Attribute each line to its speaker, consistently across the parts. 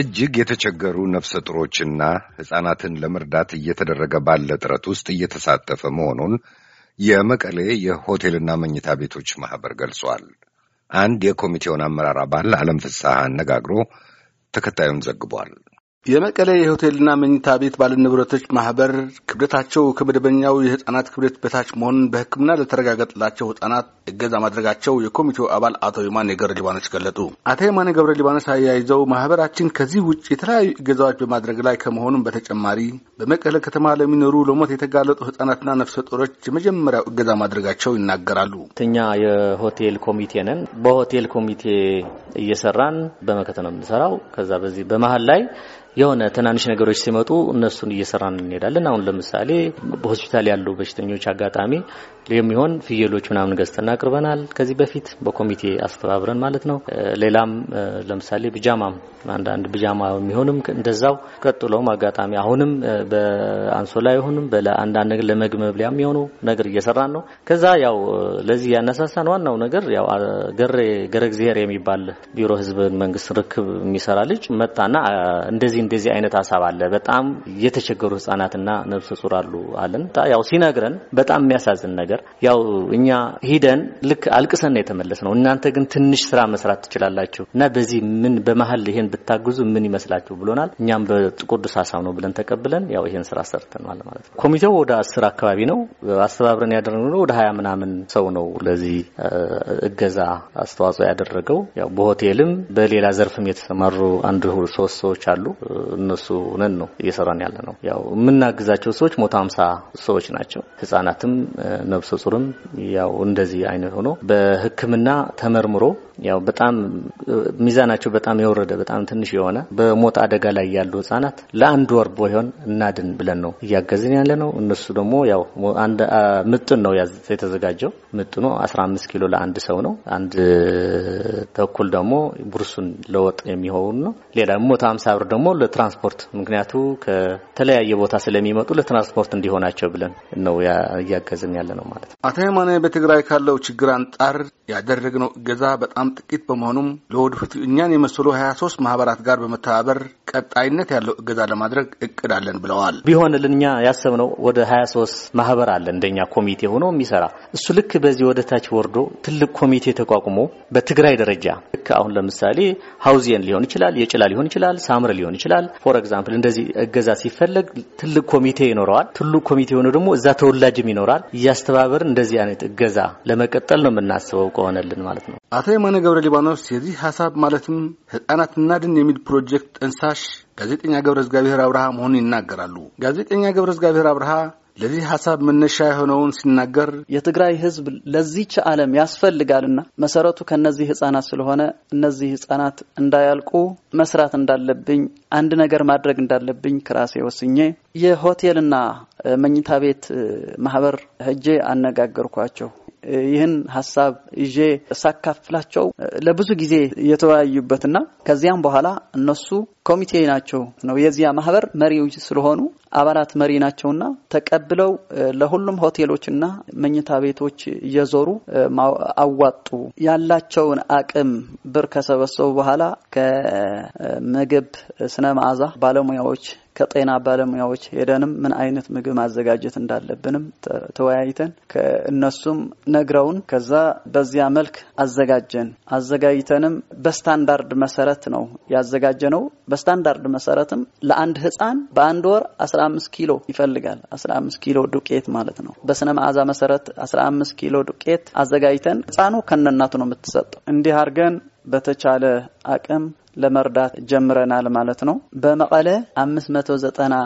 Speaker 1: እጅግ የተቸገሩ ነፍሰ ጥሮችና ሕፃናትን ለመርዳት እየተደረገ ባለ ጥረት ውስጥ እየተሳተፈ መሆኑን የመቀሌ የሆቴልና መኝታ ቤቶች ማኅበር ገልጿል። አንድ የኮሚቴውን አመራር አባል አለም ፍስሐ አነጋግሮ ተከታዩን ዘግቧል። የመቀሌ የሆቴልና መኝታ ቤት ባለንብረቶች ማህበር ክብደታቸው ከመደበኛው የህፃናት ክብደት በታች መሆኑን በሕክምና ለተረጋገጠላቸው ህፃናት እገዛ ማድረጋቸው የኮሚቴው አባል አቶ የማነ ገብረ ሊባኖስ ገለጡ። አቶ የማነ ገብረ ሊባኖስ አያይዘው ማህበራችን ከዚህ ውጭ የተለያዩ እገዛዎች በማድረግ ላይ ከመሆኑም በተጨማሪ በመቀሌ ከተማ ለሚኖሩ ለሞት የተጋለጡ ህፃናትና ነፍሰ ጡሮች የመጀመሪያው እገዛ ማድረጋቸው ይናገራሉ።
Speaker 2: እኛ የሆቴል ኮሚቴ ነን። በሆቴል ኮሚቴ እየሰራን በመከተ ነው የምንሰራው። ከዛ በዚህ በመሀል ላይ የሆነ ትናንሽ ነገሮች ሲመጡ እነሱን እየሰራን እንሄዳለን። አሁን ለምሳሌ በሆስፒታል ያሉ በሽተኞች አጋጣሚ የሚሆን ፍየሎች ምናምን ገዝተን አቅርበናል። ከዚህ በፊት በኮሚቴ አስተባብረን ማለት ነው። ሌላም ለምሳሌ ብጃማም አንዳንድ ብጃማ የሚሆንም እንደዛው ቀጥሎም አጋጣሚ አሁንም በአንሶላ ይሁንም በአንዳንድ ነገር ለመግ መብያ የሚሆኑ ነገር እየሰራን ነው። ከዛ ያው ለዚህ ያነሳሳን ዋናው ነገር ያው ገሬ ገረ እግዚአብሔር የሚባል ቢሮ ህዝብ መንግስት ርክብ የሚሰራ ልጅ መጣና እንደዚህ እንደዚህ አይነት ሀሳብ አለ። በጣም የተቸገሩ ህጻናትና ነብሰ ጡር አሉ አለን። ያው ሲነግረን በጣም የሚያሳዝን ነገር ያው እኛ ሂደን ልክ አልቅሰን የተመለስ ነው። እናንተ ግን ትንሽ ስራ መስራት ትችላላችሁ እና በዚህ ምን በመሀል ይሄን ብታግዙ ምን ይመስላችሁ ብሎናል። እኛም በቅዱስ ሀሳብ ነው ብለን ተቀብለን ያው ይሄን ስራ ሰርተናል ማለት ነው። ኮሚቴው ወደ አስር አካባቢ ነው አስተባብረን ያደረግነው ወደ ሀያ ምናምን ሰው ነው ለዚህ እገዛ አስተዋጽኦ ያደረገው። ያው በሆቴልም በሌላ ዘርፍም የተሰማሩ አንድ ሶስት ሰዎች አሉ። እነሱ ነን ነው እየሰራን ያለ ነው። ያው የምናግዛቸው ሰዎች ሞታ ሀምሳ ሰዎች ናቸው። ህጻናትም ነብሰ ጹርም ያው እንደዚህ አይነት ሆኖ በህክምና ተመርምሮ ያው በጣም ሚዛናቸው በጣም የወረደ በጣም ትንሽ የሆነ በሞት አደጋ ላይ ያሉ ህጻናት ለአንድ ወር ባይሆን እናድን ብለን ነው እያገዝን ያለ ነው። እነሱ ደግሞ ያው ምጥን ነው የተዘጋጀው። ምጥኑ 15 ኪሎ ለአንድ ሰው ነው። አንድ ተኩል ደግሞ ቡርሱን ለወጥ የሚሆን ነው። ሌላ ሞት ሀምሳ ብር ደግሞ ለትራንስፖርት ምክንያቱ ከተለያየ ቦታ ስለሚመጡ ለትራንስፖርት እንዲሆናቸው ብለን ነው እያገዝን ያለ ነው ማለት
Speaker 1: ነው። አቶ ሃይማኖት በትግራይ ካለው ችግር አንጻር ያደረግነው እገዛ በጣም ጥቂት በመሆኑም ለወደፊቱ እኛን የመሰሉ ሀያ ሶስት ማህበራት ጋር በመተባበር ቀጣይነት ያለው እገዛ ለማድረግ እቅድ አለን ብለዋል። ቢሆንልን እኛ ያሰብነው
Speaker 2: ወደ ሀያ ሶስት ማህበር አለ እንደኛ ኮሚቴ ሆኖ የሚሰራ እሱ ልክ በዚህ ወደ ታች ወርዶ ትልቅ ኮሚቴ ተቋቁሞ በትግራይ ደረጃ ልክ አሁን ለምሳሌ ሀውዚየን ሊሆን ይችላል፣ የጭላ ሊሆን ይችላል፣ ሳምር ሊሆን ይችላል ይችላል። ፎር ኤግዛምፕል እንደዚህ እገዛ ሲፈለግ ትልቅ ኮሚቴ ይኖረዋል። ትልቅ ኮሚቴ ሆኖ ደግሞ እዛ ተወላጅም ይኖራል። እያስተባበርን እንደዚህ አይነት እገዛ ለመቀጠል ነው የምናስበው ከሆነልን ማለት ነው።
Speaker 1: አቶ የማነ ገብረ ሊባኖስ የዚህ ሀሳብ ማለትም ህጻናት እናድን የሚል ፕሮጀክት ጠንሳሽ ጋዜጠኛ ገብረ እግዚአብሔር አብርሃ መሆኑን ይናገራሉ። ጋዜጠኛ ገብረ እግዚአብሔር አብርሃ ለዚህ ሀሳብ መነሻ የሆነውን ሲናገር
Speaker 3: የትግራይ ህዝብ ለዚች ዓለም ያስፈልጋልና መሰረቱ ከነዚህ ህጻናት ስለሆነ እነዚህ ህጻናት እንዳያልቁ መስራት እንዳለብኝ አንድ ነገር ማድረግ እንዳለብኝ ክራሴ ወስኜ የሆቴልና መኝታ ቤት ማህበር ህጄ አነጋገርኳቸው። ይህን ሀሳብ ይዤ ሳካፍላቸው ለብዙ ጊዜ የተወያዩበትና ከዚያም በኋላ እነሱ ኮሚቴ ናቸው ነው የዚያ ማህበር መሪዎች ስለሆኑ አባላት መሪ ናቸውና ተቀብለው ለሁሉም ሆቴሎችና መኝታ ቤቶች እየዞሩ አዋጡ። ያላቸውን አቅም ብር ከሰበሰቡ በኋላ ከምግብ ስነ መዓዛ ባለሙያዎች ከጤና ባለሙያዎች ሄደንም ምን አይነት ምግብ ማዘጋጀት እንዳለብንም ተወያይተን ከእነሱም ነግረውን ከዛ በዚያ መልክ አዘጋጀን። አዘጋጅተንም በስታንዳርድ መሰረት ነው ያዘጋጀ ነው። በስታንዳርድ መሰረትም ለአንድ ህፃን በአንድ ወር 15 ኪሎ ይፈልጋል። 15 ኪሎ ዱቄት ማለት ነው። በስነ መዓዛ መሰረት 15 ኪሎ ዱቄት አዘጋጅተን ህፃኑ ከነናቱ ነው የምትሰጠው። እንዲህ አድርገን በተቻለ አቅም ለመርዳት ጀምረናል ማለት ነው። በመቀለ 590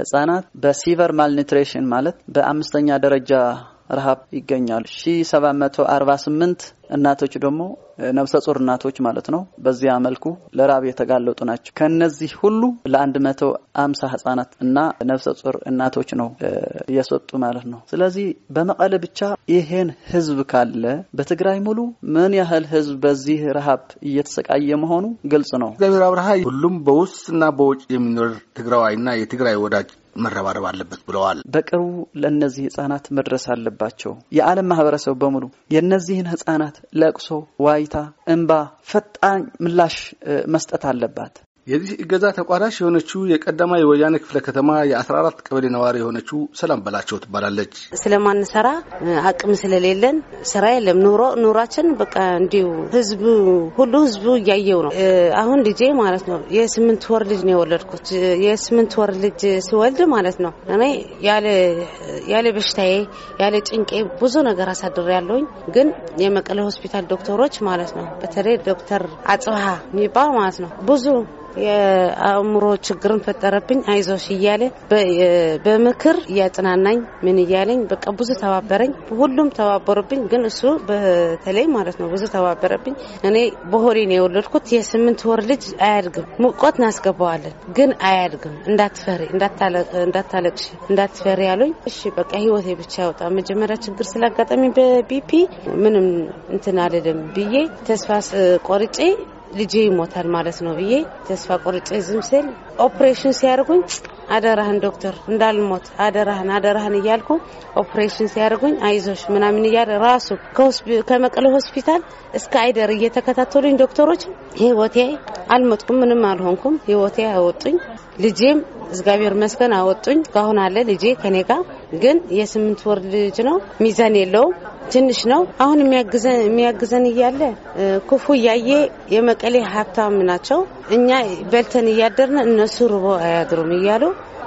Speaker 3: ህጻናት በሲቨር ማልኒትሬሽን ማለት በአምስተኛ ደረጃ ረሃብ ይገኛሉ። ሺ ሰባት መቶ አርባ ስምንት እናቶች ደግሞ ነብሰ ጡር እናቶች ማለት ነው። በዚያ መልኩ ለራብ የተጋለጡ ናቸው። ከነዚህ ሁሉ ለአንድ መቶ አምሳ ህጻናት እና ነብሰ ጡር እናቶች ነው እየሰጡ ማለት ነው። ስለዚህ በመቀለ ብቻ ይሄን ህዝብ ካለ በትግራይ ሙሉ ምን ያህል ህዝብ በዚህ ረሃብ እየተሰቃየ መሆኑ ግልጽ ነው። እግዚአብሔር አብርሃ
Speaker 1: ሁሉም በውስጥና በውጭ የሚኖር ትግራዋይና የትግራይ ወዳጅ መረባረብ አለበት ብለዋል።
Speaker 3: በቅርቡ ለእነዚህ ህጻናት መድረስ አለባቸው። የዓለም ማህበረሰብ በሙሉ የእነዚህን ህጻናት ለቅሶ፣ ዋይታ፣ እንባ ፈጣን ምላሽ መስጠት አለባት።
Speaker 1: የዚህ እገዛ ተቋዳሽ የሆነችው የቀዳማ የወያኔ ክፍለ ከተማ የ14 ቀበሌ ነዋሪ የሆነችው ሰላም በላቸው ትባላለች።
Speaker 4: ስለማንሰራ አቅም ስለሌለን ስራ የለም። ኑሮ ኑሯችን በቃ እንዲሁ ህዝቡ ሁሉ ህዝቡ እያየው ነው። አሁን ልጄ ማለት ነው የስምንት ወር ልጅ ነው የወለድኩት። የስምንት ወር ልጅ ስወልድ ማለት ነው እኔ ያለ በሽታዬ ያለ ጭንቄ ብዙ ነገር አሳድር ያለውኝ ግን የመቀሌ ሆስፒታል ዶክተሮች ማለት ነው በተለይ ዶክተር አጽብሃ የሚባል ማለት ነው ብዙ የአእምሮ ችግርን ፈጠረብኝ፣ አይዞሽ እያለ በምክር እያጽናናኝ ምን እያለኝ በቃ ብዙ ተባበረኝ። ሁሉም ተባበሩብኝ፣ ግን እሱ በተለይ ማለት ነው ብዙ ተባበረብኝ። እኔ በሆዴ ነው የወለድኩት። የስምንት ወር ልጅ አያድግም፣ ሙቀት እናስገባዋለን፣ ግን አያድግም። እንዳትፈሪ፣ እንዳታለቅሽ፣ እንዳትፈሪ ያሉኝ። እሺ በቃ ህይወቴ ብቻ ያወጣ መጀመሪያ ችግር ስላጋጠሚ በቢፒ ምንም እንትን አልልም ብዬ ተስፋ ቆርጬ ልጄ ይሞታል ማለት ነው ብዬ ተስፋ ቆርጬ ዝም ስል ኦፕሬሽን ሲያደርጉኝ አደራህን ዶክተር እንዳልሞት አደራህን አደራህን እያልኩ ኦፕሬሽን ሲያደርጉኝ አይዞሽ ምናምን እያለ ራሱ ከመቀለ ሆስፒታል እስከ አይደር እየተከታተሉኝ ዶክተሮች ህይወቴ አልሞትኩም፣ ምንም አልሆንኩም፣ ህይወቴ አወጡኝ። ልጄም እግዚአብሔር ይመስገን አወጡኝ። እስካሁን አለ ልጄ ከኔ ጋር ግን የስምንት ወር ልጅ ነው። ሚዛን የለውም። ትንሽ ነው። አሁን የሚያግዘን እያለ ክፉ እያየ የመቀሌ ሀብታም ናቸው። እኛ በልተን እያደርን እነሱ ርቦ አያድሩም እያሉ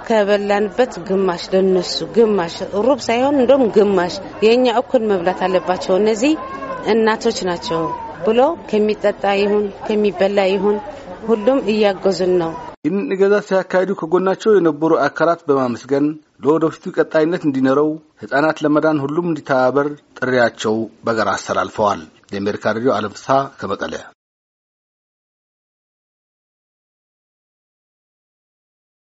Speaker 4: ከበላንበት ግማሽ ለነሱ ግማሽ ሩብ ሳይሆን እንደም ግማሽ የእኛ እኩል መብላት አለባቸው እነዚህ እናቶች ናቸው ብሎ ከሚጠጣ ይሁን ከሚበላ ይሁን ሁሉም እያገዙን ነው።
Speaker 1: ይህን እገዛ ሲያካሂዱ ከጎናቸው የነበሩ አካላት በማመስገን ለወደፊቱ ቀጣይነት እንዲኖረው ሕፃናት ለመዳን ሁሉም እንዲተባበር ጥሪያቸው በጋራ አስተላልፈዋል።
Speaker 3: የአሜሪካ ሬዲዮ አለም ፍስሐ ከመቀለ